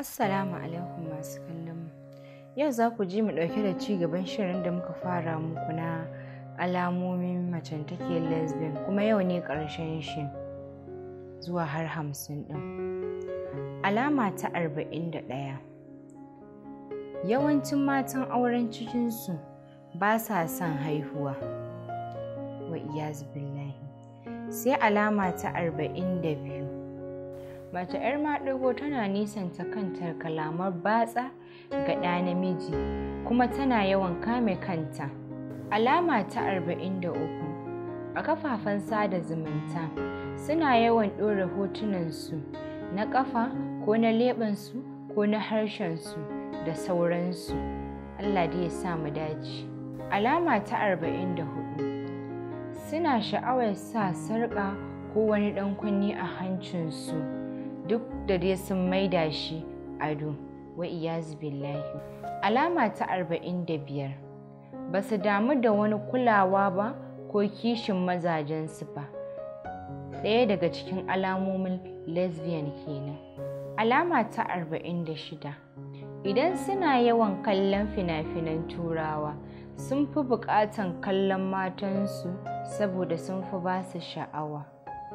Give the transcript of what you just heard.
Assalamu alaikum masu kallon Yau za ku ji mu ɗauke da ci gaban shirin da muka fara muku na alamomin macen take lesbian kuma yau ne ƙarshen shi zuwa har hamsin ɗin. Alama ta arba'in da ɗaya. Yawancin matan auren cikinsu ba sa son haihuwa. Wa iya billahi. Sai alama ta arba'in da biyu. Mace 'yar maɗigo tana nisanta kanta kalamar batsa ga ɗa namiji kuma tana yawan kame kanta. Alama ta arba'in da uku, a kafafen sada zumunta suna yawan ɗora hotunansu na ƙafa ko na leɓensu ko na harshensu da sauransu. Allah da ya sa mu dace. Alama ta arba'in da 44 suna sha'awar sa sarƙa ko wani ɗan kunni a hancinsu. duk da dai sun maida shi ado wa billahi alama ta arba'in da biyar ba su damu da wani kulawa ba ko kishin mazajensu ba ɗaya daga cikin alamomin lesbian kenan alama ta arba'in da shida idan suna yawan kallon fina-finan turawa sun fi buƙatan kallon matansu saboda sun fi ba su sha'awa